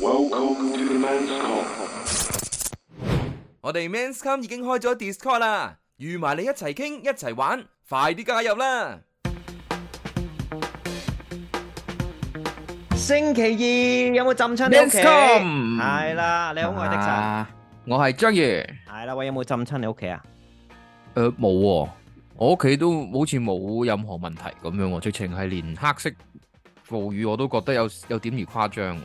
Welcome to the men's come. 我哋 men's come 已經開咗 Discord 啦，預埋你一齊傾一齊玩，快啲加入啦！星期二有冇浸親你屋企？係啦 Men's come，你好，I'm 的神，我係章魚。係啦，喂，有冇浸親你屋企啊？誒，冇，我屋企都好似冇任何問題咁樣，直情係連黑色暴雨我都覺得有有點而誇張。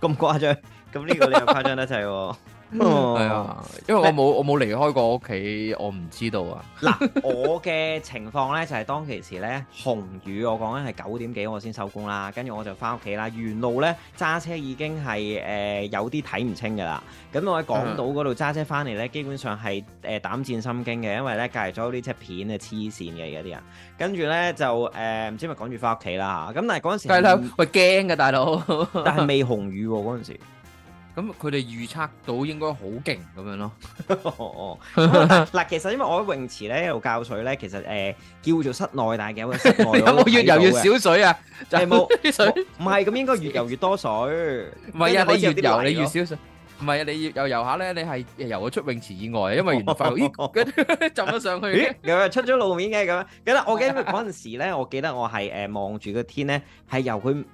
咁誇張，咁呢個你又誇張得滯 係啊，uh, 因為我冇你我冇離開過屋企，我唔知道啊。嗱 我嘅情況咧就係、是、當其時咧紅雨，我講緊係九點幾我先收工啦，跟住我就翻屋企啦。沿路咧揸車已經係誒、呃、有啲睇唔清噶啦。咁我喺港島嗰度揸車翻嚟咧，基本上係誒膽戰心驚嘅，因為咧隔離咗呢隻片啊黐線嘅而家啲人。跟住咧就誒唔、呃、知咪趕住翻屋企啦吓。咁但係嗰陣時，梗我驚噶大佬，但係未 紅雨嗰陣時。咁佢哋預測到應該好勁咁樣咯。嗱， 其實因為我喺泳池咧一路教水咧，其實誒、呃、叫做室內，大嘅。 有冇越游越少水啊？就係冇 水。唔係咁應該越游越多水。唔係啊，你越游，你越少水。唔係啊，你越游下咧，你係游咗出泳池以外，因為原來發呢個。跟住浸咗上去。 咦？又出咗路面嘅咁。咁啦，我記得嗰陣時咧，我記得我係誒望住個天咧，係由佢。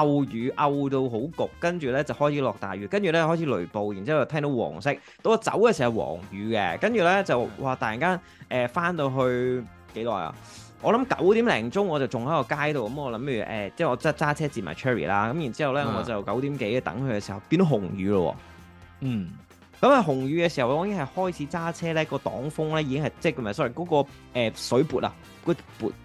漚雨漚到好焗，跟住咧就開始落大雨，跟住咧開始雷暴，然之後聽到黃色。到我走嘅時候係黃雨嘅，跟住咧就話突然間誒翻到去幾耐啊？我諗九點零鐘我就仲喺個街度，咁我諗住誒，即係我揸揸車接埋 Cherry 啦。咁然之後咧我就九點幾等佢嘅時候變到紅雨咯。嗯。咁喺紅雨嘅時候，我已經係開始揸車咧，個擋風咧已經係即係唔係 sorry，嗰個誒水撥啊，個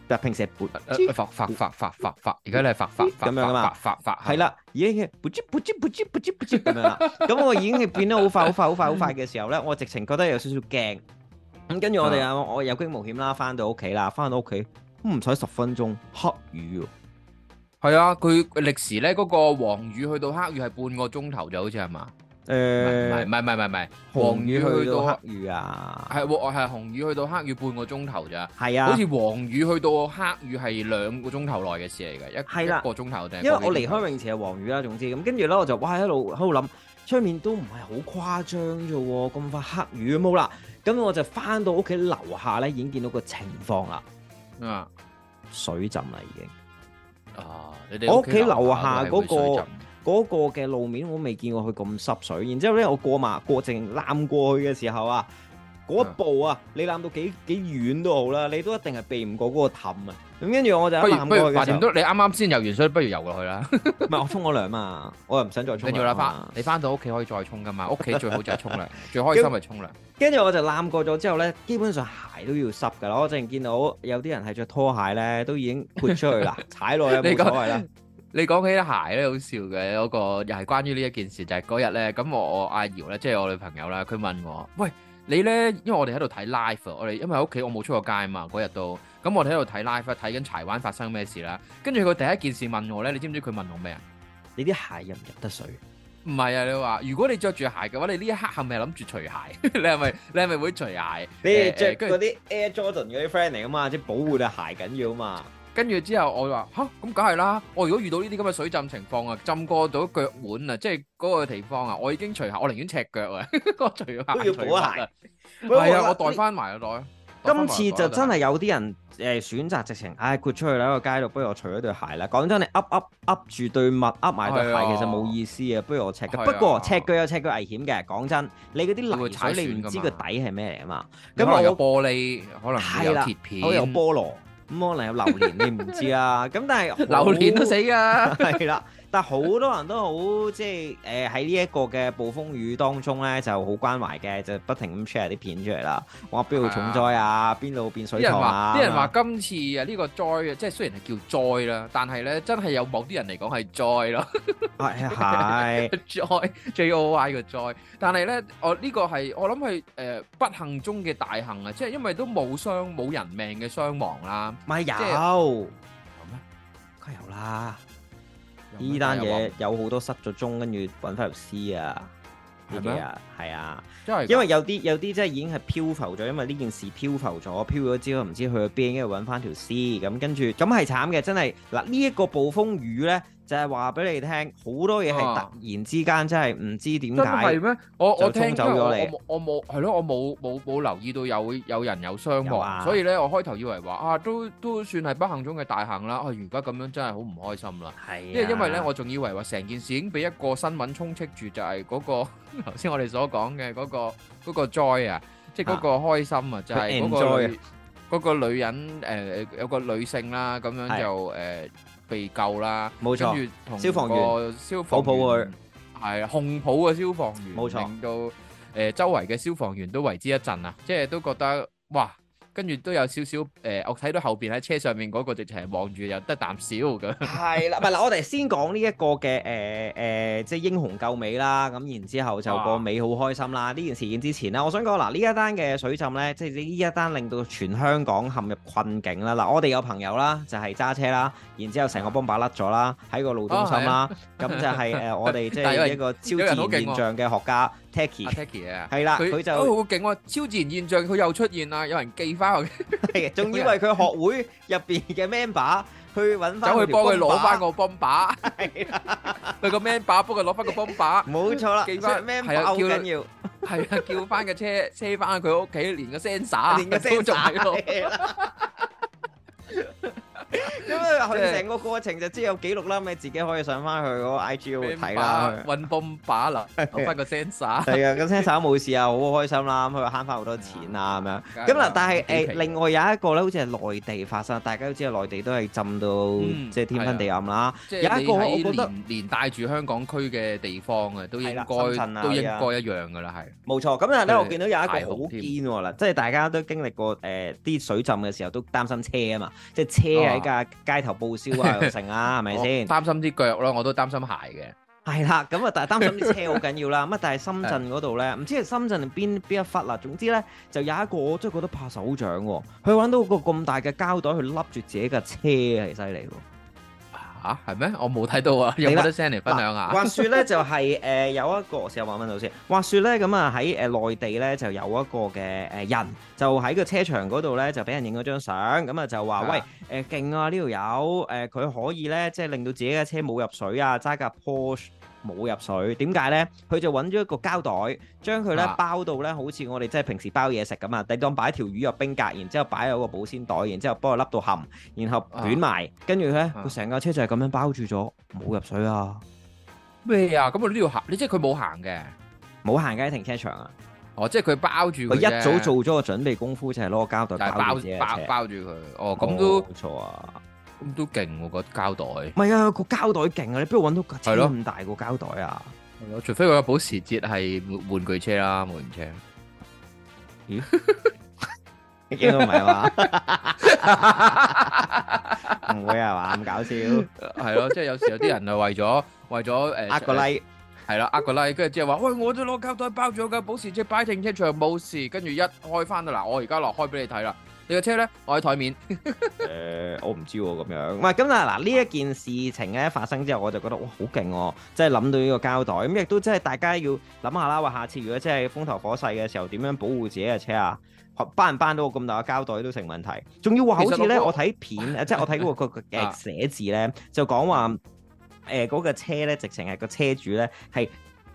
撥平時撥發發發發發發，而家咧發發咁樣啊，發發係啦，嘢嘢，卜吱卜吱卜吱卜吱咁樣啦。咁我已經係變得好快，好快，好快，好快嘅時候咧，我直情覺得有少少驚。咁跟住我哋啊，我有驚無險啦，翻到屋企啦，翻到屋企唔使十分鐘，黑雨。係啊，佢歷時咧嗰個黃雨去到黑雨係半個鐘頭就好似係嘛？誒，唔係唔係唔係唔係，黃雨去到黑雨啊？係喎，係紅雨去到黑雨半個鐘頭咋？係啊，好似黃雨去到黑雨係兩個鐘頭內嘅事嚟嘅，一個鐘頭定？因為我離開泳池係黃雨啦，啊，總之咁，跟住咧我就我喺一喺度諗，出面都唔係好誇張啫，咁快黑雨冇啦。咁我就翻到屋企樓下咧，已經見到個情況啦。啊，水浸啦已經。啊，你哋屋企樓下嗰個。啊啊啊嗰個嘅路面我未見過佢咁濕水，然之後咧我過埋過剩攬過，過去嘅時候啊，嗰一步啊，你攬到幾幾遠都好啦，你都一定係避唔過嗰個氹啊。咁跟住我就攬過去。不如你啱啱先遊完水，不如遊落去啦。唔 係我沖咗涼啊，我又唔想再沖。你而家翻，你翻到屋企可以再沖噶嘛？屋企最好就係沖涼， 最開心就係沖涼。跟住我就攬過咗之後咧，基本上鞋都要濕噶啦。我淨見到有啲人係着拖鞋咧，都已經潑出去啦， 踩落去啦，冇所謂啦。 你講起啲鞋咧，好笑嘅嗰個又係關於呢一件事，就係嗰日咧，咁我，我阿瑤咧，即係我女朋友啦，佢問我，喂，你咧，因為我哋喺度睇 live，我哋因為屋企，我冇出過街嘛，嗰日到，咁我哋喺度睇 live，睇緊柴灣發生咩事啦，跟住佢第一件事問我咧，你知唔知佢問我咩啊？你啲鞋入唔入得水？唔係啊，你話如果你着住鞋嘅話，你呢一刻係咪諗住除鞋？ 你係咪？你係咪會除鞋？你着嗰啲 Air Jordan 嗰啲 friend 嚟啊嘛，即係保護隻鞋緊要啊嘛。跟住之後我，我話嚇咁梗係啦！我如果遇到呢啲咁嘅水浸情況啊，浸過到腳腕啊，即係嗰個地方啊，我已經除鞋，我寧願赤腳啊。個 除鞋要補鞋，唔係啊！我袋翻埋個袋。袋今次就真係有啲人誒選擇直情，唉、哎，豁出去啦！喺個街度、啊，不如我除咗對鞋、啊、啦。講真，你噏噏噏住對襪，噏埋對鞋，其實冇意思啊。不如我赤腳。不過赤腳有赤腳危險嘅，講真，你嗰啲泥踩你唔知個底係咩嚟啊嘛。咁我有玻璃，可能係有鐵片， 有菠蘿。咁、嗯、可能有榴蓮，你唔知啊！咁 但係榴蓮都死㗎，係啦。但係好多人都好即係誒喺呢一個嘅暴風雨當中咧，就好關懷嘅，就不停咁 share 啲片出嚟。啦，哇邊度重災啊，邊度變水塘啊？啲人話，啲人話今次啊呢個災啊，即係雖然係叫災啦，但係咧真係有某啲人嚟講係災咯。係災 J O I 嘅災，但係咧我呢個係我諗係誒不幸中嘅大幸啊，即係因為都冇傷冇人命嘅傷亡啦。唔係有咁咧，梗係有啦。呢單嘢有好多失咗蹤，跟住揾翻條屍啊！呢幾日啊？係啊，因為有啲有啲真係已經係漂浮咗，因為呢件事漂浮咗，漂咗之後唔知去咗邊度，跟住揾翻條屍，咁跟住咁係慘嘅，真係嗱呢一個暴風雨呢。就係話俾你聽，好多嘢係突然之間，真係唔知點解。真係咩？我我聽走咗你。我冇係咯，我冇冇冇留意到有有人有傷亡，所以咧我開頭以為話啊，都都算係不幸中嘅大幸啦。啊，而家咁樣真係好唔開心啦。係。即係因為咧，我仲以為話成件事已經俾一個新聞充斥住，就係嗰個頭先我哋所講嘅嗰個嗰個 joy 啊，即係嗰個開心啊，就係嗰個嗰個女人誒，有個女性啦，咁樣就誒。被救啦，冇錯，著跟住同個消防員，係啊，紅袍嘅消防員，冇錯，令到誒、呃、周圍嘅消防員都為之一震啊，即係都覺得哇！跟住都有少少誒，我睇到後邊喺車上面、那、嗰個直情望住又得啖笑咁。係啦，唔係嗱，我哋先講呢一個嘅誒誒，即係英雄救美啦。咁然之後就個美好開心啦。呢哇件事件之前咧，我想講嗱，呢一單嘅水浸咧，即係呢一單令到全香港陷入困境啦。嗱，我哋有朋友啦，就係、是、揸車啦，然之後成個泵把甩咗啦，喺個路中心啦，咁、哦、就係誒我哋 即係一個超自然、啊、現象嘅學家。t 啊，係啦、啊，佢她就都好勁啊！超自然現象佢又出現啦，有人寄翻去，仲的以為佢學會入邊嘅 member 去揾翻，走去幫佢攞翻個 bomb 把，佢個 member 幫佢攞翻個 bomb 把，冇錯啦，寄翻回，係啊，叫緊要，係 啊，叫翻個車車翻去佢屋企，連個 sensor 都仲喺度。是的 咁啊，佢成個過程就知有記錄啦，咪自己可以上翻去嗰個 IG 去睇啦。揾 boom 把啦，揾翻個 sensor。係啊，咁 sensor 冇事啊，好開心啦。咁佢慳翻好多錢啦，咁樣。咁嗱，但係誒，另外有一個咧，好似係內地發生，大家都知啊，內地都係浸到即係天昏地暗啦。即係有一個，我覺得連帶住香港區嘅地方嘅都應該都應該一樣噶啦，係。冇錯。咁但係咧，我見到有一個好堅啦，即係大家都經歷過誒，啲水浸嘅時候都擔心車啊嘛，即係車喺。街頭報銷啊，又成啊，係咪先？擔心啲腳咯，我都擔心鞋嘅。係啦，咁啊，但係擔心啲車好緊要啦。乜？但係深圳嗰度咧，唔 知係深圳邊邊一忽啦。總之咧，就有一個我真係覺得拍手掌，哦，佢揾到個咁大嘅膠袋去笠住自己架車，係犀利喎。啊，係咩？我冇睇到啊，有冇得 send 嚟分享啊？話說咧就係誒有一個時候話問老師，話說咧，咁啊喺誒內地咧就有一個嘅誒人就喺個車場嗰度咧就俾人影咗張相，咁啊就話喂，誒勁啊，呢條友誒佢可以咧即係令到自己嘅車冇入水啊，揸架 Porsche。冇入水，點解咧？佢就揾咗一個膠袋，將佢咧包到咧，好似我哋即係平時包嘢食咁啊，抵擋擺一條魚入冰格，然之後擺喺個保鮮袋，然之後幫佢笠到冚，然後捲埋，跟住咧，佢成架車就係咁樣包住咗，冇入水啊！咩啊？咁我都要行？你即係佢冇行嘅，冇行喺停車場啊？哦，即係佢包住佢，一早做咗個準備功夫，就係攞個膠袋包住佢。包住佢，哦，咁都冇錯啊！咁都勁喎個膠袋，唔係啊個膠袋勁啊！你邊度搵到咁大個膠袋啊？除非佢個保時捷係玩具車啦，玩具車。嗯， 應該唔係嘛？唔會係嘛？咁搞笑，係咯？即係有時有啲人係為咗 為咗誒，呃個 like 係啦，呃 個 like，跟住即係話，喂，我都攞膠袋包咗我個保時捷，擺停車場冇事，跟住一開翻到嗱，我而家落開俾你睇啦。你個車咧，我喺台面。誒、 呃，我唔知喎、啊，咁樣，唔係咁啊嗱，呢一件事情咧發生之後，我就覺得哇，好勁哦！即係諗到呢個膠袋，咁亦都即係大家要諗下啦。話下次如果真係風頭火勢嘅時候，點樣保護自己嘅車啊？搬唔搬到個咁大嘅膠袋都成問題。仲要喎，好似咧我睇片，即係 我睇嗰個嘅寫字咧，就講話誒，嗰、呃嗰個車咧，直情係個車主咧係。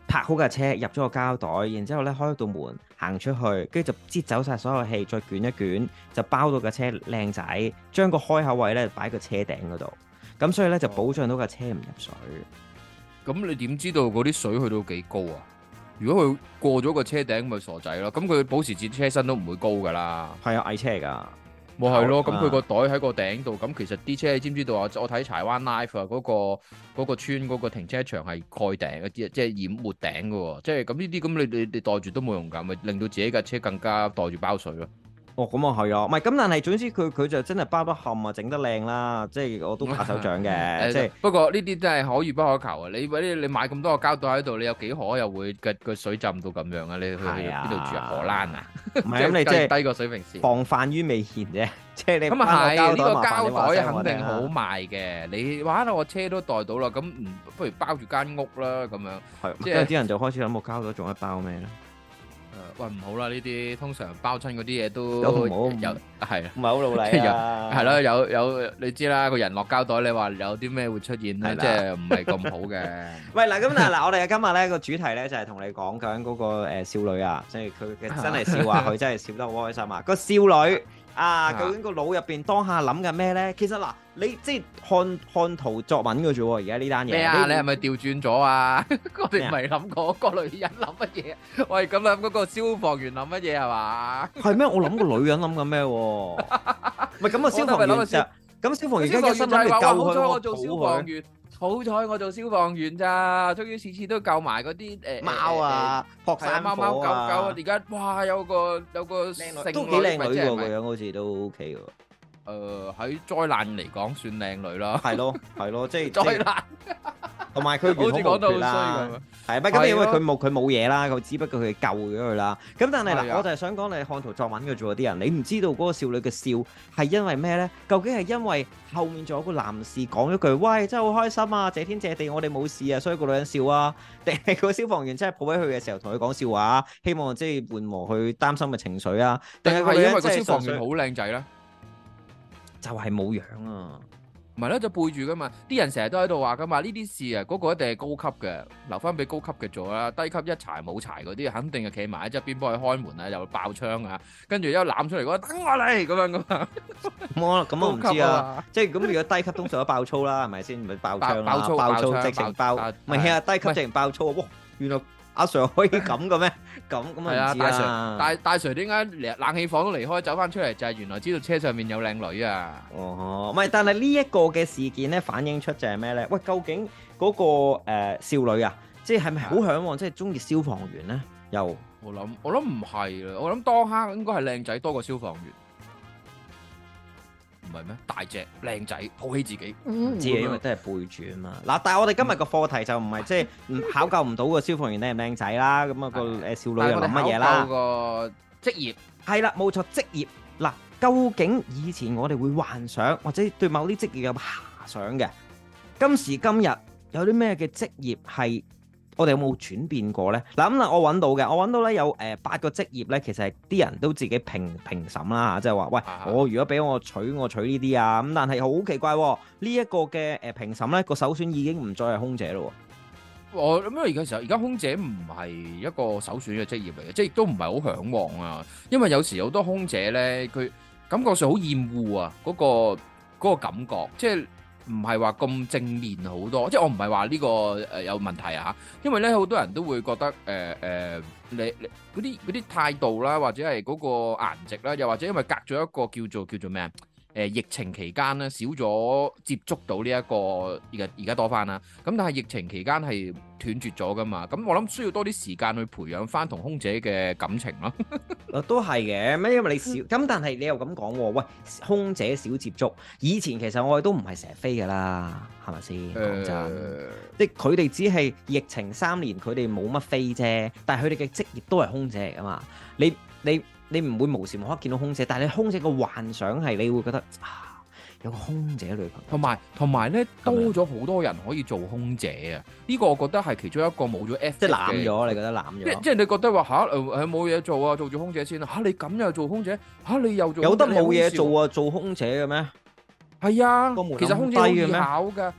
拍好架車入咗個膠袋，然之後咧開到門行出去，跟住就擠走晒所有氣，再捲一捲，就包到架車靚仔，將個開口位咧擺個車頂嗰度，咁所以咧就保障到架車唔入水。咁、哦、你點知道嗰啲水去到幾高啊？如果佢過咗個車頂，咪傻仔咯。咁佢保時捷車身都唔會高噶啦，係啊，矮車嚟㗎。冇係咯，咁佢個袋喺個頂度，咁其實啲車你知唔知道啊？我睇柴灣 life 啊、嗰個嗰個村嗰個停車場係蓋頂啲，即係掩沒頂嘅喎，即係咁呢啲咁你你你袋住都冇用㗎，咪令到自己架車更加袋住包水咯。哦，咁啊係啊，唔係咁，但係總之佢佢就真係包得冚啊，整得靚啦，即係我都拍手掌嘅，即係。不過呢啲真係可遇不可求啊！你你你買咁多個膠袋喺度，你有幾可又會個個水浸到咁樣啊？你去邊度住啊？荷蘭啊？唔係咁你即係低個水平線，防範於未然啫。即係你咁啊呢個膠袋肯定好賣嘅。你玩到我車都袋到啦，咁不如包住間屋啦咁樣。係，即係啲人就開始諗我膠袋，仲一包咩咧？喂，唔好啦，呢啲通常包親嗰啲嘢都唔好，有係唔係好老嚟啊？係咯，有有你知啦，個人落膠袋，你話有啲咩會出現咧？即係唔係咁好嘅。喂，嗱咁嗱嗱，我哋今日咧個主題咧就係同你講緊嗰個誒少女啊，即係佢嘅真係笑啊，佢真係笑得好開心啊，個少女。啊！究竟個腦入邊當下諗緊咩咧？其實嗱，你即係看看圖作文嘅啫。而家呢單嘢，咩啊？你係咪調轉咗啊？我哋唔係諗嗰個女人諗乜嘢？喂，咁諗嗰個消防員諗乜嘢係嘛？係咩？我諗個女人諗緊咩？唔係咁啊！消防員諗嘅，咁消防員今日新諗嚟救佢，保護佢。好彩我做消防員咋，終於次次都救埋嗰啲誒貓啊，欸、撲曬貓、啊、貓狗狗啊！而家哇，有個有個靚女，都幾靚女喎，個是樣好似都 OK 喎。誒喺、呃、災難嚟講算靚女啦。係咯，係咯，即、就、係、是、 災難。 同埋佢完好啦，係咪？咁因為佢冇佢冇嘢啦，佢只不過佢救咗佢啦。咁但係嗱，我就係想講你看圖作文嘅做嗰啲人，你唔知道嗰個少女嘅笑係因為咩咧？究竟係因為後面仲有個男士講一句喂，真係好開心啊！謝天謝地，我哋冇事啊，所以個女人笑啊？定係個消防員真係抱起佢嘅時候同佢講笑話，希望即係緩和佢擔心嘅情緒啊？定係因為個消防員好靚仔咧？就係冇樣啊！唔係咧，就背住噶嘛。啲人成日都喺度話噶嘛。呢啲事啊，嗰個一定係高級嘅，留翻俾高級嘅做啦。低級一柴冇柴嗰啲，肯定係企埋喺側邊幫佢開門啊，又爆槍啊。跟住一攬出嚟，嗰個等我嚟咁樣噶嘛。冇啦，咁我唔知啦。即係咁，如果低級通常都爆粗啦，係咪先？咪爆粗、爆粗、爆粗，直情爆。唔係啊，低級直情爆粗。哇，原來～阿 Sir 可以咁嘅咩？咁咁啊！大 Sir 大大 Sir 點解冷氣房都離開走翻出嚟？就係原來知道車上面有靚女啊！哦，唔係，但係呢一個嘅事件咧，反映出就係咩咧？喂，究竟嗰個誒少女啊，即係係咪好向往即係中意消防員咧？又我諗我諗唔係啦，我諗當刻應該係靚仔多過消防員。唔係咩？大隻、靚仔、抱起自己，唔、嗯、唔知啊，因為都係背住啊嘛。嗱，但係我哋今日個課題就唔係即係考究唔到個消防員靚唔靚仔啦，咁、咁、啊個誒少女又諗乜嘢啦？個職業係啦，冇錯職業。嗱，究竟以前我哋會幻想或者對某啲職業有遐想嘅，今時今日有啲咩嘅職業係？我哋有冇轉變過呢？嗱，咁啦，我揾到嘅，我揾到呢有誒八個職業呢。其實啲人都自己評評審啦，即係話喂，我如果俾我取，我取呢啲啊，咁，但係好奇怪喎，呢、呢、一個嘅誒評審呢，個首選已經唔再係空姐咯喎。我諗，因為而家時候而家空姐唔係一個首選嘅職業嚟嘅，即係亦都唔係好嚮往啊。因為有時好多空姐呢，佢感覺上好厭惡啊嗰、嗰個嗰個感覺，即係。唔係話咁正面好多，即係我唔係話呢個誒有問題啊，因為咧好多人都會覺得誒誒、呃呃、你你嗰啲嗰啲態度啦，或者係嗰個顏值啦，又或者因為隔咗一個叫做叫做咩啊？誒疫情期間咧少咗接觸到呢一個而而家多返喇，咁但係疫情期間係斷絕咗㗎嘛，咁我諗需要多啲時間去培養返同空姐嘅感情咯。啊，都係嘅，咩因為你少咁，但係你又咁講喎，喂，空姐少接觸，以前其實我哋都唔係成日飛㗎喇，係咪先？講真，即係佢哋只係疫情三年佢哋冇乜飛啫，但係佢哋嘅職業都係空姐嚟㗎嘛，你你。你唔會無時無刻見到空姐，但係你空姐個幻想係，你會覺得啊，有個空姐女朋友同埋同埋咧，多咗好多人可以做空姐啊！呢個我覺得係其中一個冇咗 F，即係攬咗，你覺得攬咗？即係你覺得話嚇誒冇嘢做啊，啊做住空姐先啊！嚇你咁、啊、又做空姐嚇你又做有得冇嘢做啊？做空姐嘅咩？係啊呀，其實空姐好易考㗎。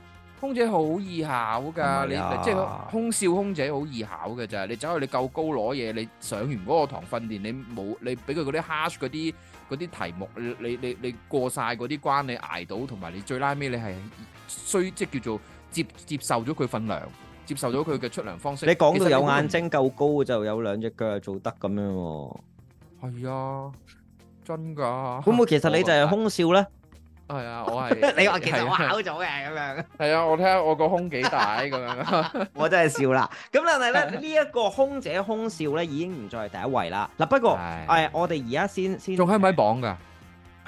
空姐好易考噶，你即係空少空姐好易考噶咋，你走去你夠高攞嘢，你上完嗰個堂訓練，你冇你俾佢嗰啲 harsh 嗰啲嗰啲題目，你你你過晒嗰啲關，你捱到，同埋你最拉尾你係需即係叫做接接受咗佢份糧，接受咗佢嘅出糧方式。你講到有眼睛夠高就有兩隻腳做得咁樣，係啊，真噶。會唔會其實你就係空少咧？係啊，我係你話其實我考咗嘅咁樣。係啊，我聽我個胸幾大咁樣。我真係笑啦。咁但係咧，呢一個空姐空少咧已經唔再係第一位啦。嗱不過誒，我哋而家先先仲喺唔喺榜噶？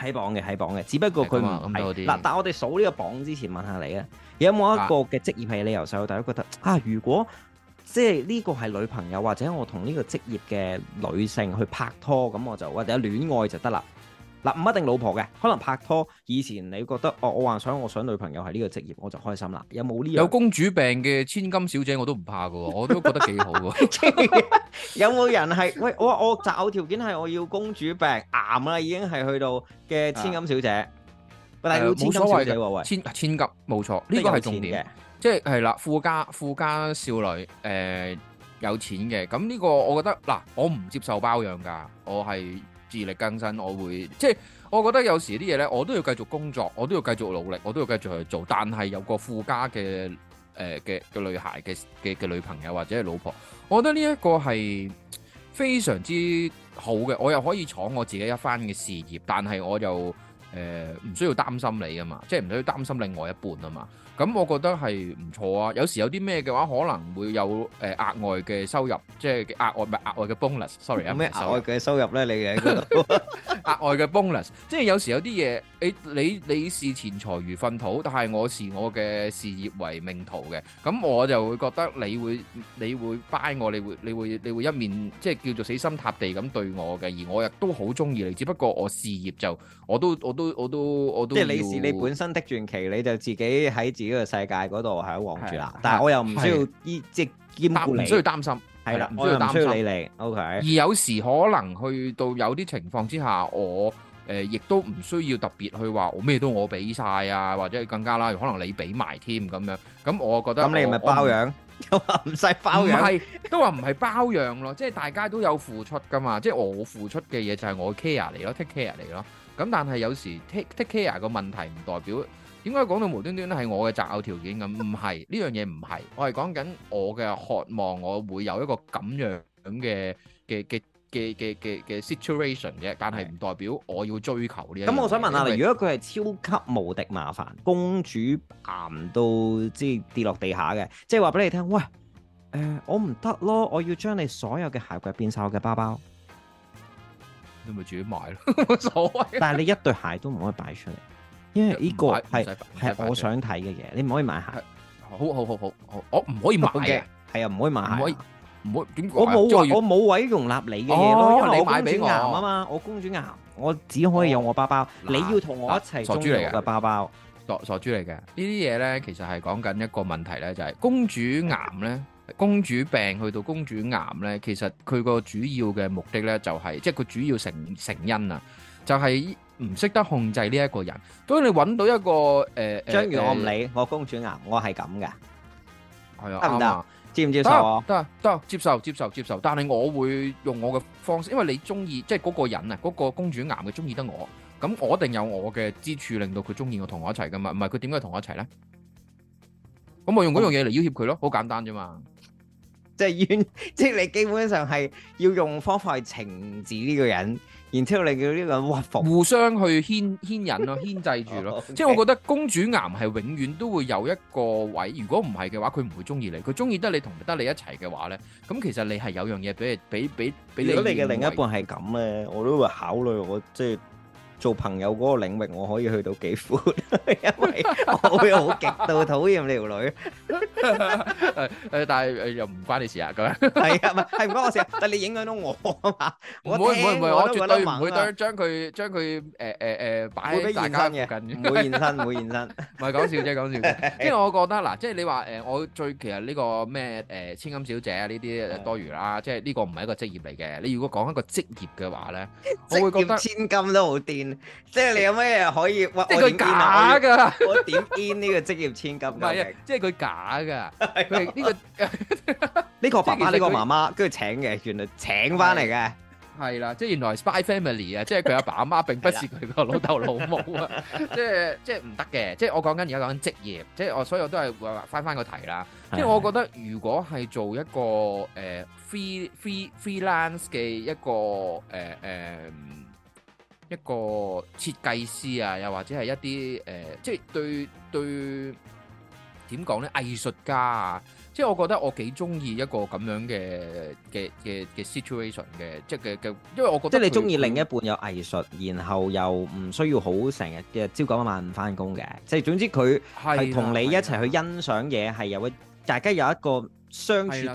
喺榜嘅，喺榜嘅。只不過佢唔係嗱。但係我哋數呢個榜之前問下你啊，有冇一個嘅職業係你由細到大都覺得啊？如果即係呢個係女朋友或者我同呢個職業嘅女性去拍拖咁，我就或者戀愛就得啦。唔一定老婆嘅，可能拍拖以前你覺得哦，我幻想我想女朋友係呢個職業，我就開心啦。有冇呢？有公主病嘅千金小姐我都唔怕噶，我都覺得幾好噶。 金 有冇人係 喂我？我擇偶條件係我要公主病啱啦， 已經係去到嘅千金小姐，啊、但係冇、呃、所謂嘅，千千金冇錯，呢個係重點，即係係啦，富家富家少女誒、呃、有錢嘅，咁呢個我覺得嗱，我唔接受包養噶，我係。自力更生，我會即係，我覺得有時啲嘢咧，我都要繼續工作，我都要繼續努力，我都要繼續去做，但係有個富家嘅誒嘅嘅女孩嘅嘅嘅女朋友或者係老婆，我覺得呢一個係非常之好嘅，我又可以闖我自己一番嘅事業，但係我又。誒唔需要擔心你啊嘛，即係唔需要擔心另外一半啊嘛。咁我覺得係唔錯啊。有時有啲咩嘅話可能會有誒額外嘅收入，即係額外唔係額外嘅 bonus。Sorry，有咩額外嘅收入咧？你嘅額外嘅 bonus，即係有時有啲嘢，你你呢視錢財如糞土，但係我視我嘅事業為命途嘅。咁我就會覺得你會你會 buy 我，你會你會你會一面即係叫做死心塌地咁對我嘅，而我亦都好中意你。只不過我事業就我都我都。我都我都即係你你本身的傳奇，你就自己喺自己嘅世界嗰度係喺望住啦。的但係我又唔需要依即係兼顧你，唔的需要擔心，係啦，唔需要擔心。Okay、而有時可能去到有啲情況之下，我誒、呃、亦都唔需要特別去話我咩都我俾晒啊，或者更加啦，可能你俾埋添咁樣。咁我覺得咁你咪包養，又話唔使包養，唔係都話唔係包養咯，即係 大家都有付出噶嘛。即、就、係、是、我付出嘅嘢就係我 care 嚟咯，take care 嚟咯。咁但係有時 take take care 個問題唔代表，點解講到無端端都係我嘅擇偶條件咁？唔係，呢樣嘢唔係，我係講緊我嘅渴望，我會有一個咁樣咁嘅嘅嘅嘅嘅嘅嘅 situation 嘅，但係唔代表我要追求呢啲咁。我想問下你，如果佢係超級無敵麻煩，公主巖到即係跌落地下嘅，即係話俾你聽，喂誒，我唔得咯，我要將你所有嘅鞋櫃變曬我嘅包包。你咪自己買咯，冇所謂。但係你一對鞋都唔可以擺出嚟，因為呢個係係我想睇嘅嘢，你唔可以買鞋。好，好，好，好，我唔可以買嘅。係啊，唔可以買鞋，唔可以，唔可以。我冇我冇位容納你嘅嘢咯，因為你買俾我啊嘛。我公主岩，我只可以有我包包。你要同我一齊裝入我嘅包包。傻傻豬嚟嘅呢啲嘢咧，其實係講緊一個問題咧，就係公主岩咧。公主病去到公主癌咧，其實佢個主要嘅目的咧就係、是，即係佢主要成成因啊，就係唔識得控制呢一個人。所以你揾到一個誒，章、呃、魚我唔理，呃、我公主癌我係咁嘅，係啊，得唔得？行行接唔接受？得得接受接受接受，但係我會用我嘅方式，因為你中意即係嗰個人啊，嗰、那個公主癌佢中意得我，咁我一定有我嘅之處令到佢中意我同我一齊噶嘛，唔係佢點解同我一齊咧？我咪用嗰樣嘢嚟要挾佢咯，好簡單啫嘛。即係要，即係你基本上係要用方法去懲治呢個人，然之後令到呢個人屈服，互相去牽牽引咯，牽制住咯。 Okay. 即係我覺得公主癌係永遠都會有一個位，如果唔係嘅話，佢唔會中意你，佢中意得你同得你一齊嘅話咧，咁其實你係有樣嘢俾，俾，俾，俾你。如果你嘅另一半係咁咧，我都會考慮我即係。做朋友嗰個領域我可以去到幾闊，因為我會好極度討厭你條女。誒，但係又唔關你事啊，咁樣。係啊，唔係係唔關我事，但係你影響到我啊嘛。唔會唔會唔會，我絕對唔會對將佢將佢誒誒誒擺喺大家附近。唔會現身，唔會現身。唔係講笑啫，講笑。因為我覺得嗱，即係你話誒，我最其實呢個咩誒千金小姐啊呢啲多餘啦。即係呢個唔係一個職業嚟嘅。你如果講一個職業嘅話咧，我會覺得千金都好癲。即係你有咩可以？即係佢假噶，我點 in 呢個職業千金？唔係啊，即係佢假噶，係佢呢個呢個爸爸呢個媽媽，跟住請嘅，原來請翻嚟嘅，係啦，即係原來 spy family 啊，即係佢阿爸阿媽並不是佢個老豆老母啊，即係即係唔得嘅，即係我講緊而家講緊職業，即係我所以我都係話翻翻個題啦，即係我覺得如果係做一個誒 free free freelance 嘅一個誒誒。一個設計師啊，又或者係一啲誒、呃，即係對對點講咧，藝術家啊，即係我覺得我幾中意一個咁樣嘅嘅嘅嘅 situation 嘅，即係嘅嘅，因為我覺得即係你中意他另一半有藝術，然後又唔需要好成日朝九晚五翻工，嘅，即係總之佢係同你一齊去欣賞嘢，係有一大家有一個。相處到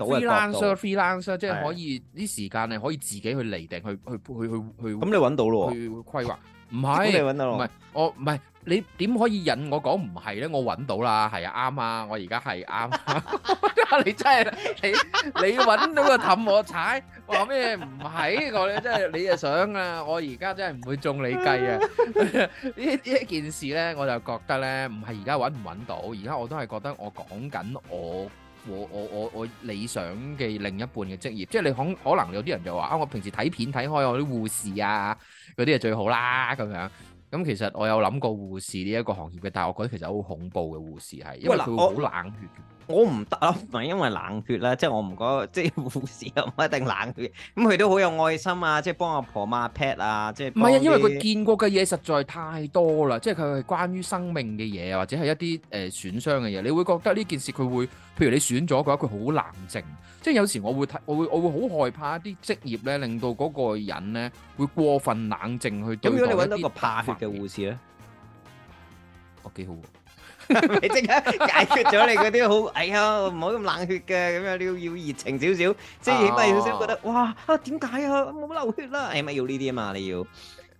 嘅角度 freelancer，freelancer 即係可以啲時間咧，可以自己去釐定，去去去去去，咁去去你搵到咯，去規劃，唔係，你搵到咯，唔係，我唔係，你點可以引我講唔係咧？我搵到啦，係啊，啱啊，我而家係啱，你真係，你你搵到個氹我踩，話咩唔係？我真係，你啊想啊，我而家真係唔會中你計啊！呢 呢件事咧，我就覺得咧，唔係而家搵唔搵到，而家我都係覺得我講緊我。我我我我理想嘅另一半嘅職業，即係你可能可能有啲人就話啊，我平時睇片睇開，我啲護士啊嗰啲係最好啦咁樣。咁、嗯、其實我有諗過護士呢一個行業嘅，但係我覺得其實好恐怖嘅護士係，因為佢會好冷血。我唔得啊，唔係因為冷血啦，即係我唔講，即係護士又唔一定冷血，咁佢都好有愛心啊，即係幫阿婆抹 p a t 啊，即係唔係因為佢見過嘅嘢實在太多啦，即係佢係關於生命嘅嘢，或者係一啲誒、呃、損傷嘅嘢，你會覺得呢件事佢會，譬如你損咗佢話佢好冷靜，即係有時我會睇，我會我會好害怕一啲職業咧，令到嗰個人咧會過分冷靜去對待一啲怕血嘅護士咧，我幾好。 你即刻解決咗你嗰啲好哎呀，唔好咁冷血嘅，咁樣你要要熱情少少，即係起碼少少覺得啊哇啊點解啊冇乜流血啦，起碼、哎、要呢啲啊嘛，你要誒。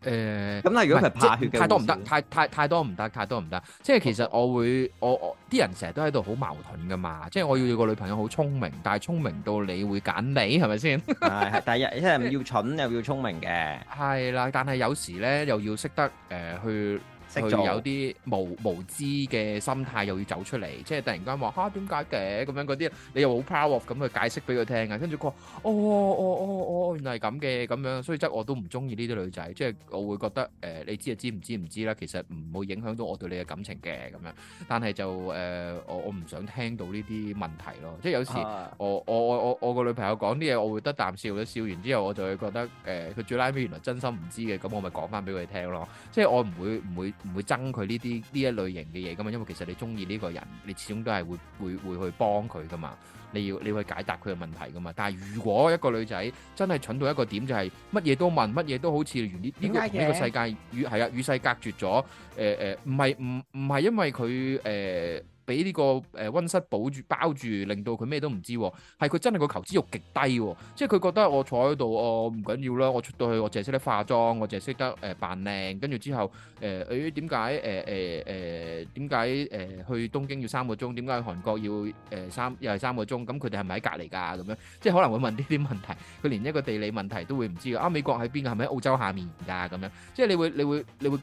咁、呃、如果係怕血嘅、呃，太多唔得，太太太多唔得，太多唔得。即係其實我會我我啲人成日都喺度好矛盾噶嘛，即係我要要個女朋友好聰明，但係聰明到你會揀你係咪先？係、嗯，但係即唔要蠢又要聰明嘅，係啦。但係有時咧又要識得誒、呃呃、去。佢有啲無無知嘅心態，又要走出嚟，即係突然間話嚇點解嘅咁樣嗰啲，你又好 power 咁去解釋俾佢聽啊，跟住佢話哦哦哦哦哦，原來係咁嘅咁樣，所以即我都唔中意呢啲女仔，即係我會覺得誒、呃、你知就知，唔知唔知啦，其實唔會影響到我對你嘅感情嘅咁樣，但係就誒、呃、我我唔想聽到呢啲問題咯，即係有時我我我我我個女朋友講啲嘢，我會得啖笑笑，笑完之後我就會覺得誒佢、呃、最拉尾原來真心唔知嘅，咁我咪講翻俾佢聽咯，即係我唔會唔會。唔會憎佢呢啲呢一類型嘅嘢噶嘛，因為其實你中意呢個人，你始終都係會會會去幫佢噶嘛，你要你要去解答佢嘅問題噶嘛。但係如果一個女仔真係蠢到一個點，就係乜嘢都問，乜嘢都好似呢呢個同呢個世界與係啊與世隔絕咗。誒、呃、誒，唔係唔唔係因為佢誒。呃俾呢個誒溫室保住包住，令到佢咩都唔知喎。係佢真係個求知欲極低喎，即係佢覺得我坐喺度，哦，唔緊要啦。我出到去，我淨係識得化妝，我淨係識得誒扮靚。跟住之後誒，誒點解誒誒誒點解誒去東京要三個鐘？點解去韓國要誒三又係三個鐘？咁佢哋係咪喺隔籬㗎？咁樣即係可能會問呢啲問題。佢連一個地理問題都會唔知啊，美國喺邊啊？係咪喺澳洲下面㗎咁樣。即係你會你會你會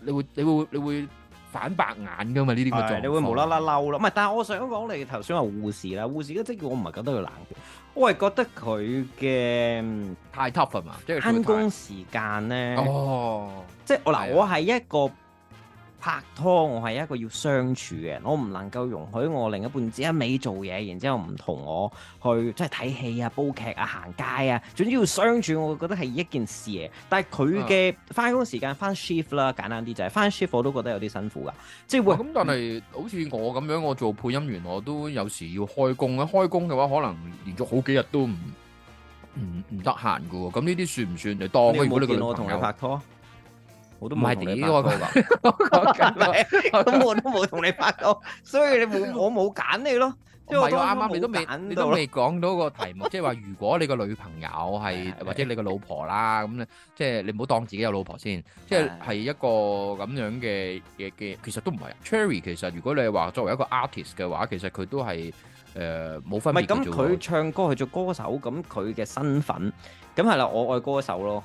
你會你會你會。反白眼噶嘛，呢啲咪就係、哎，你會無啦啦嬲咯。唔係，但係我想講，你哋頭先話護士啦，護士嘅即係我唔係覺得佢冷，我係覺得佢嘅太 top 啊嘛。跟住返工時間咧，哦、即係了我嗱，我係一個。拍拖我係一個要相處嘅，我唔能夠容許我另一半只一味做嘢，然之後唔同我去即係睇戲啊、煲劇啊、行街啊，總之要相處，我覺得係一件事。但係佢嘅返工時間返 shift 啦，啊、簡單啲就係返 shift，我都覺得有啲辛苦噶。即係會咁，嗯、但係好似我咁樣，我做配音員，我都有時要開工。開工嘅話，可能連續好幾日都唔唔唔得閒嘅喎。咁呢啲算唔算？就當我同你拍拖。我都唔係自己開過㗎，咁我都冇同你拍拖，所以你冇我冇揀你咯。因為啱啱你都未，你都未講到個題目，即係話如果你個女朋友係或者你個老婆啦咁咧，即係你唔好當自己有老婆先，即係係一個咁樣嘅嘢嘅，其實都唔係。Cherry 其實如果你話作為一個 artist 嘅話，其實佢都係誒冇分別嘅啫喎。唔係，咁佢唱歌係做歌手，咁佢嘅身份，咁係啦，我愛歌手咯。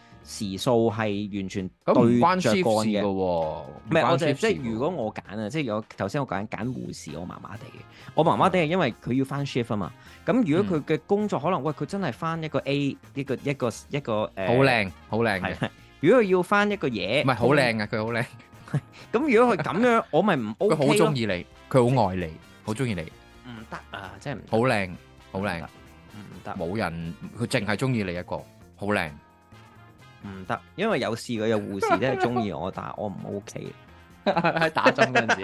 時數係完全對唔上個嘅喎，唔係我就即係，如果我揀啊，即係我頭先我揀揀護士，我麻麻地，我麻麻地係因為佢要返 shift 啊嘛。咁如果佢嘅工作可能喂佢真係返一個 A 一個一個一個誒，好靚好靚嘅。如果佢要返一個嘢，唔係好靚啊，佢好靚。咁如果佢咁樣，我咪唔 OK，佢好中意你，佢好愛你，好中意你。唔得啊，真係唔得。好靚好靚，唔得，冇人佢淨係中意你一個，好靚。唔得，因為有試過有護士真係，中意我但係，我唔 OK，喺打針嗰陣時。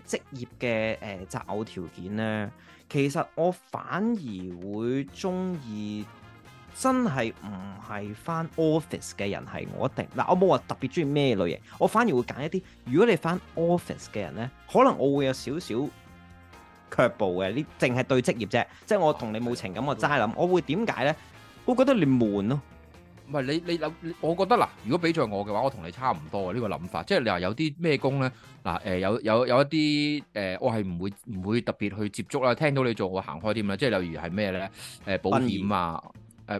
職業嘅誒擇偶條件呢，其實我反而會中意真係唔係翻 office 嘅人係我一定嗱，我冇話特別中意咩類型，我反而會揀一啲，如果你翻 office 嘅人呢，可能我會有少少卻步嘅，呢淨係對職業啫，即係我同你冇情感，我齋諗，我會點解呢？我覺得你悶咯、啊。唔係你你有，我覺得嗱，如果俾著我嘅話，我同你差唔多嘅呢，這個諗法，即係你話、呃，有啲咩工咧？嗱，誒有有有一啲誒、呃，我係唔會唔會特別去接觸喇，聽到你做我行開添喇，即係例如係咩咧？誒、呃、保險啊。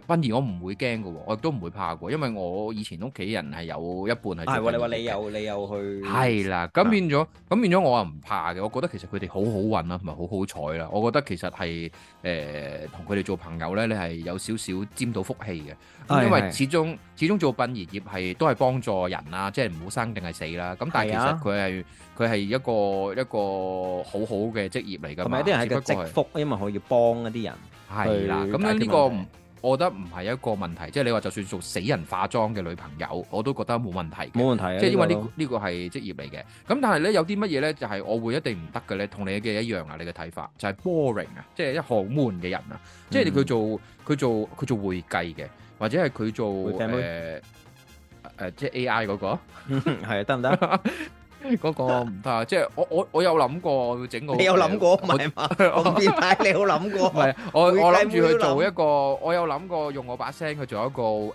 誒殯我唔會驚嘅喎，我亦都唔會怕嘅，因為我以前屋企人係有一半係。係喎、啊，你話你又你有去。係啦，咁變咗，咁的變咗，變我啊唔怕嘅。我覺得其實佢哋好好運啦、啊，同埋好好彩啦。我覺得其實係誒同佢哋做朋友咧，你係有少少沾到福氣嘅，的因為始終,的始,終始終做殯儀業係都係幫助人啦、啊，即係唔好生定係死啦、啊。咁但係其實佢係佢係一個一個好好嘅職業嚟㗎嘛。同埋啲係一人福，因為可以幫一啲人。係啦的，咁樣呢個。我覺得唔係一個問題，即係你話就算做死人化妝嘅女朋友，我都覺得冇問題。冇問題、啊，即係因為、這個、職呢呢個係職業嚟嘅。咁但係咧有啲乜嘢咧就係、是、我會一定唔得嘅咧，同你嘅一樣啊，你嘅睇法就係、是、boring 啊，即係一行悶嘅人啊，嗯、即係佢做佢做佢做，做會計嘅，或者係佢做誒誒、呃呃、即係 AI 嗰、那個，係得唔得？行 嗰個唔怕，即係我我我有諗過要整個。你有諗過？唔係嘛？我點解你有諗過？唔係，我諗住去做一個，我有諗過用我把聲去做一個誒誒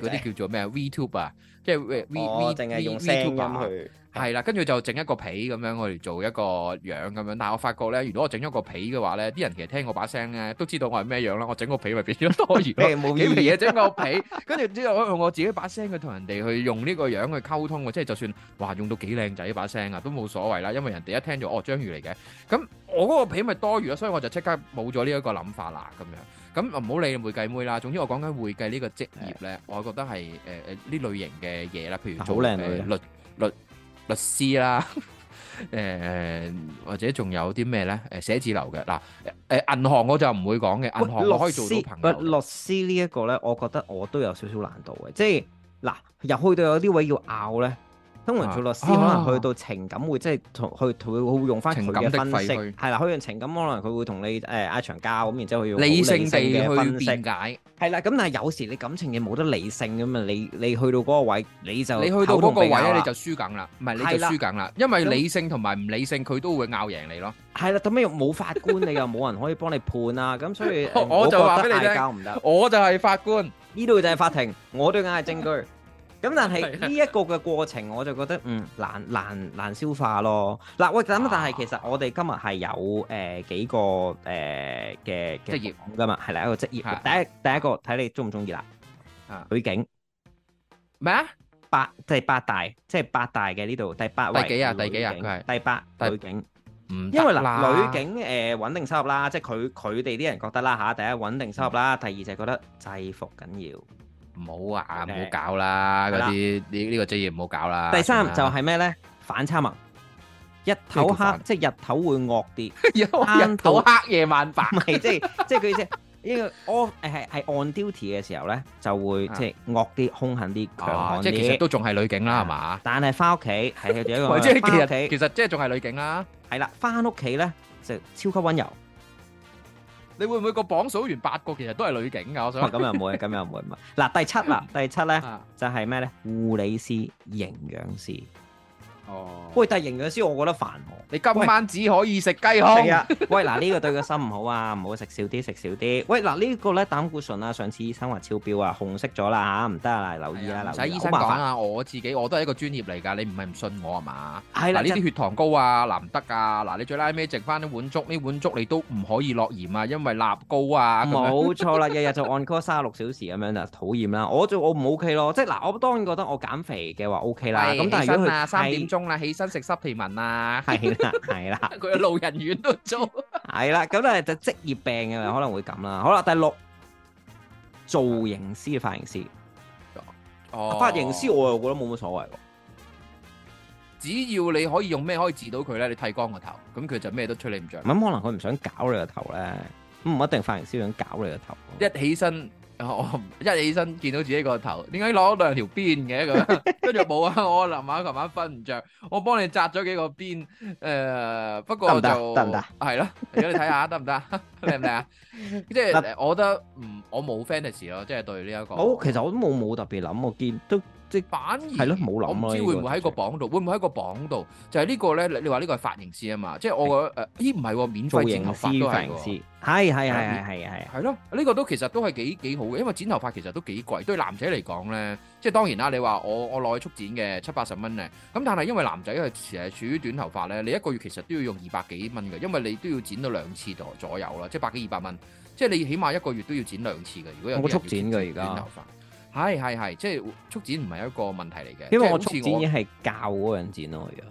嗰啲叫做咩啊？VTube 啊，即係 V V VTube 咁去。係啦，跟住就整一個皮咁樣，我嚟做一個樣咁樣。但係我發覺咧，如果我整咗個皮嘅話咧，啲人其實聽我把聲咧，都知道我係咩樣啦。我整個皮咪變咗多餘咩？冇嘢嘅，整個皮，跟住之後我用我自己把聲去同人哋去用呢個樣去溝通嘅，即係就算哇用到幾靚仔把聲啊，都冇所謂啦。因為人哋一聽就哦，章魚嚟嘅，咁我嗰個皮咪多餘啦，所以我就即刻冇咗呢一個諗法啦。咁樣咁唔好理會計妹啦。總之我講緊會計呢個職業咧，我覺得係誒誒呢類型嘅嘢啦，譬如做律律。律師啦，誒、 呃、或者仲有啲咩咧？誒寫字樓嘅嗱，誒、呃、銀、呃、行我就唔會講嘅，銀行我可以做到朋友。律師，律師呢一個咧，我覺得我都有少少難度嘅，即係嗱，入去到有啲位要拗咧。通常做律師可能去到情感會即係同去同佢會用翻情感嘅分析，係啦，佢用情感可能佢會同你誒嗌場交咁，然之後佢要理性地去辯解，係啦。咁但係有時你感情嘢冇得理性咁嘛，你你去到嗰個位你就你去到嗰個位咧，你就輸梗啦，唔係，輸梗啦。因為理性同埋唔理性佢都會拗贏你咯。係啦，咁樣又冇法官，你又冇人可以幫你判啊？咁所以我就話嗌交唔得，我就係法官呢度就係法庭，我對眼係證據。咁但係呢一個嘅過程，我就覺得嗯，難難難消化咯。嗱，我諗，但係其實我哋今日係有誒幾個誒嘅職業噶嘛，係啦，一個職業。第一第一個睇你中唔中意啦。女警咩啊？八即係八大，即係八大嘅呢度第八位。第幾日？第幾日？第八女警。唔因為嗱，女警誒穩定收入啦，即係佢佢哋啲人覺得啦吓，第一穩定收入啦，第二就係覺得制服緊要。唔好啊！唔好搞啦，嗰啲呢呢個職業唔好搞啦。第三就係咩咧？反差萌，日頭黑即係日頭會惡啲，日頭黑夜晚白，即係即係佢即係呢個 off 係係 on duty 嘅時候咧，就會即係惡啲兇狠啲，強悍啲。即係其實都仲係女警啦，係嘛？但係翻屋企係佢第一個。即係其實其實即係仲係女警啦。係啦，翻屋企咧就超級溫柔。你會唔會個榜數完八個其實都係女警㗎？我想，咁又唔會，咁又唔會。嗱、 啊，第七啦，第七咧 就係咩咧？護理師、營養師。哦，喂，但係營養師我覺得煩你今晚只可以食雞胸，喂嗱呢個對個心唔好啊，唔好食少啲，食少啲。喂嗱呢個咧膽固醇啊，上次醫生話超標啊，紅色咗啦嚇，唔得啊，留意啊，唔使醫生講下我自己我都係一個專業嚟㗎，你唔係唔信我係嘛？係啦，呢啲血糖高啊，難得啊，嗱你最拉尾剩翻啲碗粥，呢碗粥你都唔可以落鹽啊，因為臘高啊，冇錯啦，日日就 on call 三十六小時咁樣就討厭啦，我做我唔 OK 咯，即係嗱我當然覺得我減肥嘅話 OK 啦，咁但係如果佢係。起身食濕皮紋啊， 係啦，係啦， 佢嘅路人院都做，係啦，咁啊就職業病嘅，可能會咁啦。好啦，第六造型師嘅髮型師，髮型師、哦、髮型師我又覺得冇乜所謂，只要你可以用咩可以治到佢咧，你剃光個頭，咁佢就咩都處理唔着。咁可能佢唔想搞你個頭咧，唔一定髮型師想搞你個頭，一起身。我 一起身見到自己個頭，點解攞咗兩條辮嘅咁？跟住冇啊！我林啊，琴晚瞓唔着，我幫你紮咗幾個辮。誒、呃，不過就係咯，你睇下得唔得？靚唔靚啊？即係我覺得唔，我冇 fantasy 咯，即係對呢、這、一個。我其實我都冇冇特別諗，我見都。即係反而係咯，冇諗咯。我唔知會唔會喺個榜度，會唔會喺個榜度？就係呢個咧，你你話呢個係髮型師啊嘛？即係我個誒，咦唔係喎，免費剪頭髮都係喎。係係係係係係係咯，呢個都其實都係幾幾好嘅，因為剪頭髮其實都幾貴，對男仔嚟講咧，即係當然啦。你話我我攞去速剪嘅七八十蚊咧，咁但係因為男仔佢其實處於短頭髮咧，你一個月其實都要用二百幾蚊嘅，因為你都要剪到兩次度左右啦，即係百幾二百蚊。即係你起碼一個月都要剪兩次嘅。如果有人速剪嘅而家。係係係，即係速剪唔係一個問題嚟嘅，因為我速剪已經係教嗰個人剪咯，而家。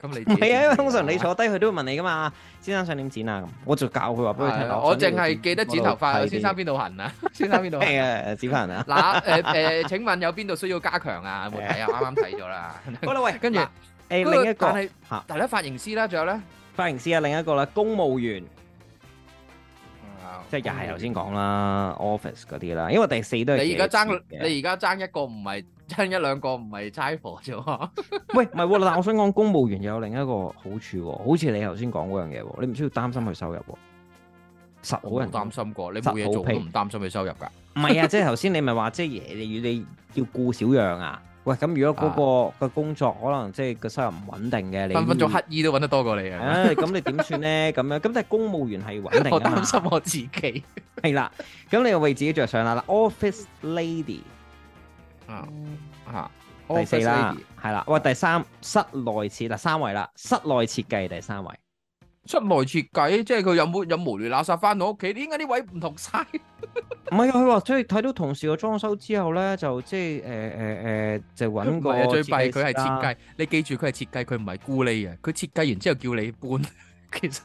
咁你唔係啊？因為通常你坐低，佢都會問你㗎嘛，先生想點剪啊？我就教佢話俾佢聽。我淨係記得剪頭髮，先生邊度痕啊？先生邊度？誒，剪翻痕啊？嗱，誒誒，請問有邊度需要加強啊？我睇下，啱啱睇咗啦。好啦，喂，跟住，誒，另一個，但係咧髮型師啦，仲有咧髮型師啊，另一個啦，公務員。即係又係頭先講啦，office 嗰啲啦，因為第四都係。你而家爭，你而家爭一個唔係爭一兩個唔係差婆啫。 喂，唔係，但我想講公務員有另一個好處，好似你頭先講嗰樣嘢，你唔需要擔心佢收入。實好人我冇擔心過，你冇嘢做都唔擔心佢收入噶。唔 係啊，即係頭先你咪話，即係你要你要顧小楊啊。喂，咁如果嗰個個工作、啊、可能即係個收入唔穩定嘅，你分分鐘乞衣都揾得多過你啊！唉，咁你點算咧？咁樣咁但係公務員係穩定，我擔心我自己係啦。咁 你又為自己着想啦，啦，office lady，啊啊，第四啦，係啦。喂，第三室內設啦，三位啦，室內設計第三位。室內設計，即係佢有冇有無亂垃圾翻到屋企？點解呢位唔同晒？唔 係啊，佢話即係睇到同事個裝修之後咧，就即係誒誒誒，就搵個、啊、最弊佢係設計，設計啊、你記住佢係設計，佢唔係咕喱啊。佢設計完之後叫你搬，其實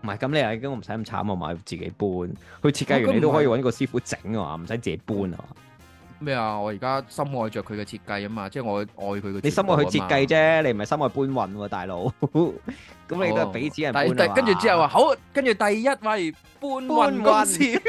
唔係咁你啊，咁我唔使咁慘啊嘛，我買自己搬。佢設計完你都可以搵個師傅整啊嘛，唔使自己搬啊。 咩啊！我而家深愛着佢嘅設計啊嘛，即係我愛佢嘅。你深愛佢設計啫， 你唔係深愛搬運喎、啊，大佬。咁 你都係俾錢人搬、哦、跟住之後啊，好，跟住第一位搬運、搬公司。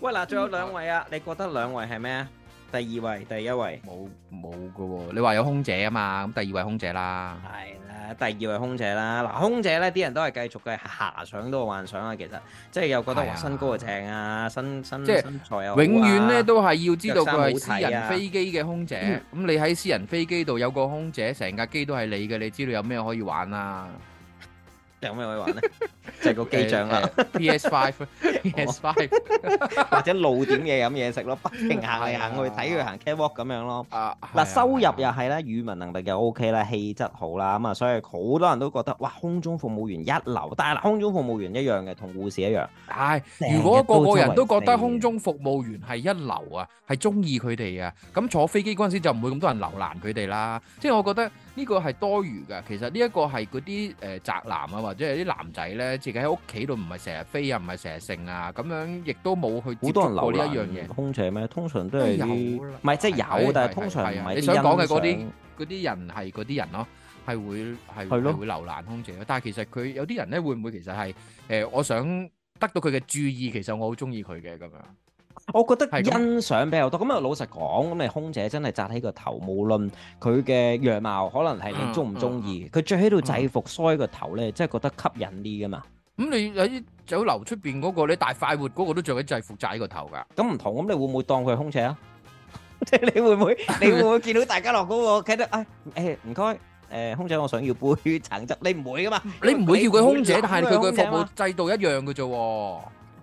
喂，嗱，仲有兩位啊，你覺得兩位係咩啊？第二位，第一位冇冇㗎喎？你話有空姐啊嘛？咁第二位空姐啦，係啦，第二位空姐啦。嗱，空姐呢啲人都係繼續嘅，係遐想多過幻想啊。其實，其實即係又覺得身高又正啊，的身身即係是、啊、永遠呢都係要知道佢係私人飛機嘅空姐。咁、啊、你喺私人飛機度有個空姐，成架機都係你嘅，你知道有咩可以玩啊？有咩可以玩咧？就係個機長啦。PS Five，PS Five，或者露點嘢飲嘢食咯，不停行嚟行去睇佢行 catwalk 咁樣咯。啊，嗱收入又係啦，語文能力又 OK 啦，氣質好啦，咁啊，所以好多人都覺得哇，空中服務員一流。但係嗱，空中服務員一樣嘅，同護士一樣。係，如果個個人都覺得空中服務員係一流啊，係中意佢哋啊，咁坐飛機嗰陣時就唔會咁多人留難佢哋啦。即係我覺得呢個係多餘㗎。其實呢一個係嗰啲誒宅男啊。或者有啲男仔咧，自己喺屋企度唔係成日飛啊，唔係成日剩啊，咁樣亦都冇去接觸過呢一樣嘢。好多人空姐咩？通常都係啲唔係即係有，是是是是，但係通常唔係你想講嘅嗰啲，嗰啲人係嗰啲人咯，係會係會留男空姐。但係其實佢有啲人咧，會唔會其實係誒、呃？我想得到佢嘅注意，其實我好中意佢嘅咁樣。我覺得欣賞比較多，咁啊老實講，咁你空姐真係扎起個頭，無論佢嘅樣貌，可能係你鍾唔鍾意，佢著喺套制服，梳個頭咧，真係覺得吸引啲噶嘛。咁你喺酒樓出邊嗰個咧，大快活嗰個都著喺制服紮起個頭噶。咁唔同，咁你會唔會當佢係空姐啊？即係你會唔會？你會唔會見到大家樂嗰個？睇得啊誒，唔該誒，空姐我想要杯橙汁。你唔會噶嘛？你唔會叫佢空姐，但係佢嘅服務制度一樣嘅啫喎。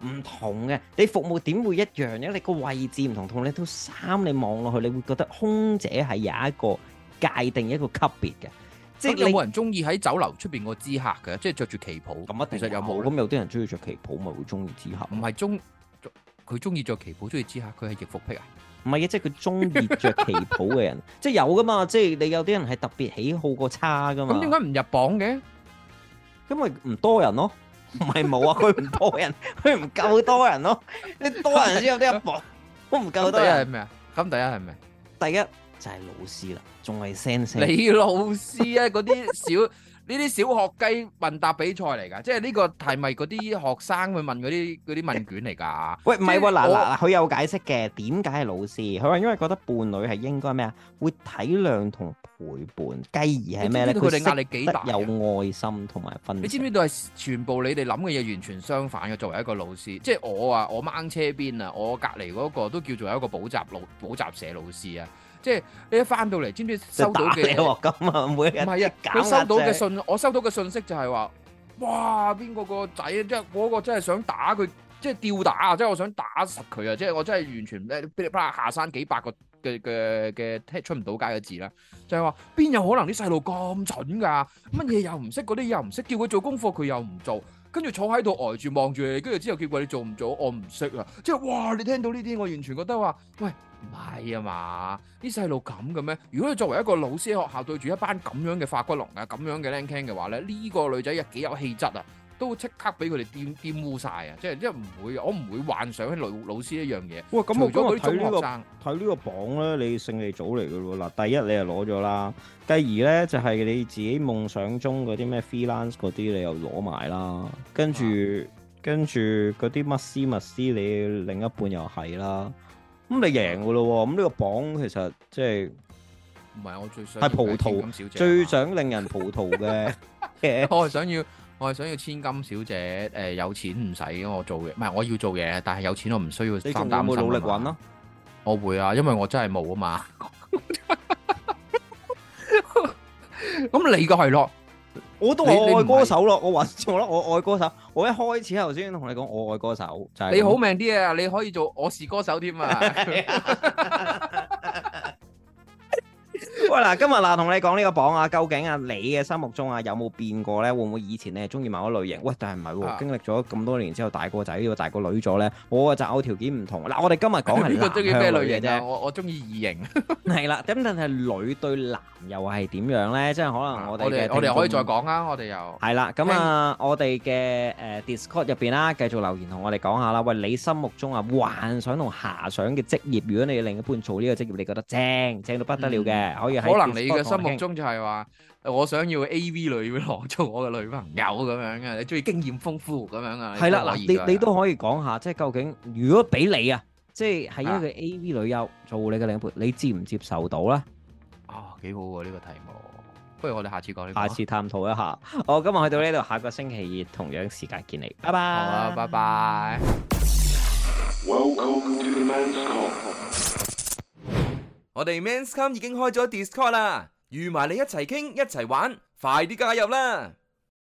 唔同嘅，你服務點會一樣嘅？你個位置唔同，同你都衫，你望落去，你會覺得空姐係有一個界定一個級別嘅，即係有冇人中意喺酒樓出邊個知客嘅，即係着住旗袍咁一其實有冇咁？有啲人中意着旗袍，咪會中意知客？唔係中，佢中意着旗袍，中意知客，佢係易服癖啊？唔係嘅，即係佢中意着旗袍嘅人， 即係有噶嘛？即係你有啲人係特別喜好個叉噶嘛？咁點解唔入榜嘅？因為唔多人咯。唔係冇啊，佢唔多人，佢唔夠多人咯啊。你多人先有得一搏，都唔夠多。第一係咩啊？咁第一係咩？第一就係老師啦，仲係聲聲李老師啊，嗰啲小。 呢啲小學雞問答比賽嚟㗎，即係呢個係咪嗰啲學生去問嗰啲嗰啲問卷嚟㗎？喂，唔係喎，嗱嗱，佢有解釋嘅，點解係老師？佢話因為覺得伴侶係應該咩啊？會體諒同陪伴，繼而係咩咧？佢哋識得有愛心同埋分。你知唔知道係全部你哋諗嘅嘢完全相反嘅？作為一個老師，即係我啊，我掹車邊啊，我隔離嗰個都叫做一個補習老補習社老師啊。即係你一翻到嚟，知唔知收到嘅？啊，唔係、啊、一揀。我收到嘅信，我收到嘅信息就係話，哇，邊個個仔即係嗰個真係想打佢，即係吊打啊！即係我想打實佢啊！即係我真係完全唔噼里啪啦下山幾百個嘅嘅嘅，出唔到街嘅字啦！就係話邊有可能啲細路咁蠢㗎？乜嘢又唔識，嗰啲又唔識，叫佢做功課佢又唔做。跟住坐喺度呆住望住你，跟住之後結果你做唔做，我唔識啊！即係哇，你聽到呢啲，我完全覺得話，喂唔係啊嘛，啲細路咁嘅咩？如果你作為一個老師，學校對住一班咁樣嘅化骨龍啊，咁樣嘅靚坑嘅話咧，呢、這個女仔又幾有氣質啊！都即刻俾佢哋玷玷污曬啊！即係即係唔會，我唔會幻想起老老師一樣嘢。哇！咁我如果睇呢個睇呢個榜咧，你勝利組嚟嘅咯嗱。第一你又攞咗啦，第二咧就係你自己夢想中嗰啲咩 freelance 嗰啲，你又攞埋啦。跟住跟住嗰啲乜斯密斯，你另一半又係啦。咁你贏嘅咯喎！咁呢個榜其實即係唔係我最想係葡萄最想令人葡萄嘅，我係想要。我係想要千金小姐，誒，有錢唔使，我做嘢，唔係我要做嘢，但係有錢我唔需要。你仲會努力搵咯？我會啊，因為我真係冇啊嘛。咁你個係咯？我都話我愛歌手咯，我話錯啦，我愛歌手。我一開始頭先同你講我愛歌手，就係你好命啲啊！你可以做我是歌手添啊！喂嗱，今日嗱同你講呢個榜啊，究竟啊你嘅心目中啊有冇變過咧？會唔會以前你係中意某一類型？喂，但係唔係喎，經歷咗咁多年之後，大個仔咗，大個女咗咧，我個擇偶條件唔同。嗱，我哋今日講係男向女嘅啫，我我中意異型。係啦，咁但係女對男又係點樣咧？即係可能我哋我哋我哋可以再講啊，我哋又係啦。咁啊，我哋嘅誒 Discord 入邊啦，繼續留言同我哋講下啦。喂，你心目中啊幻想同遐想嘅職業，如果你嘅另一半做呢個職業，你覺得正正到不得了嘅，可以。可能你嘅心目中就係話，我想要 AV 女郎做我嘅女朋友咁樣嘅，你中意經驗豐富咁樣啊？係啦，嗱，你你都可以講下，即係究竟如果俾你啊，即係係一個 A V 女優做你嘅另一半，你接唔接受到咧？啊，幾好喎，呢個題目，不如我哋下次講，下次探討一下。好，今日去到呢度，下個星期二同樣時間見你，拜拜。好啦，拜拜。我哋 Men's Come 已經開咗 Discord 啦，預埋你一齊傾一齊玩，快啲加入啦！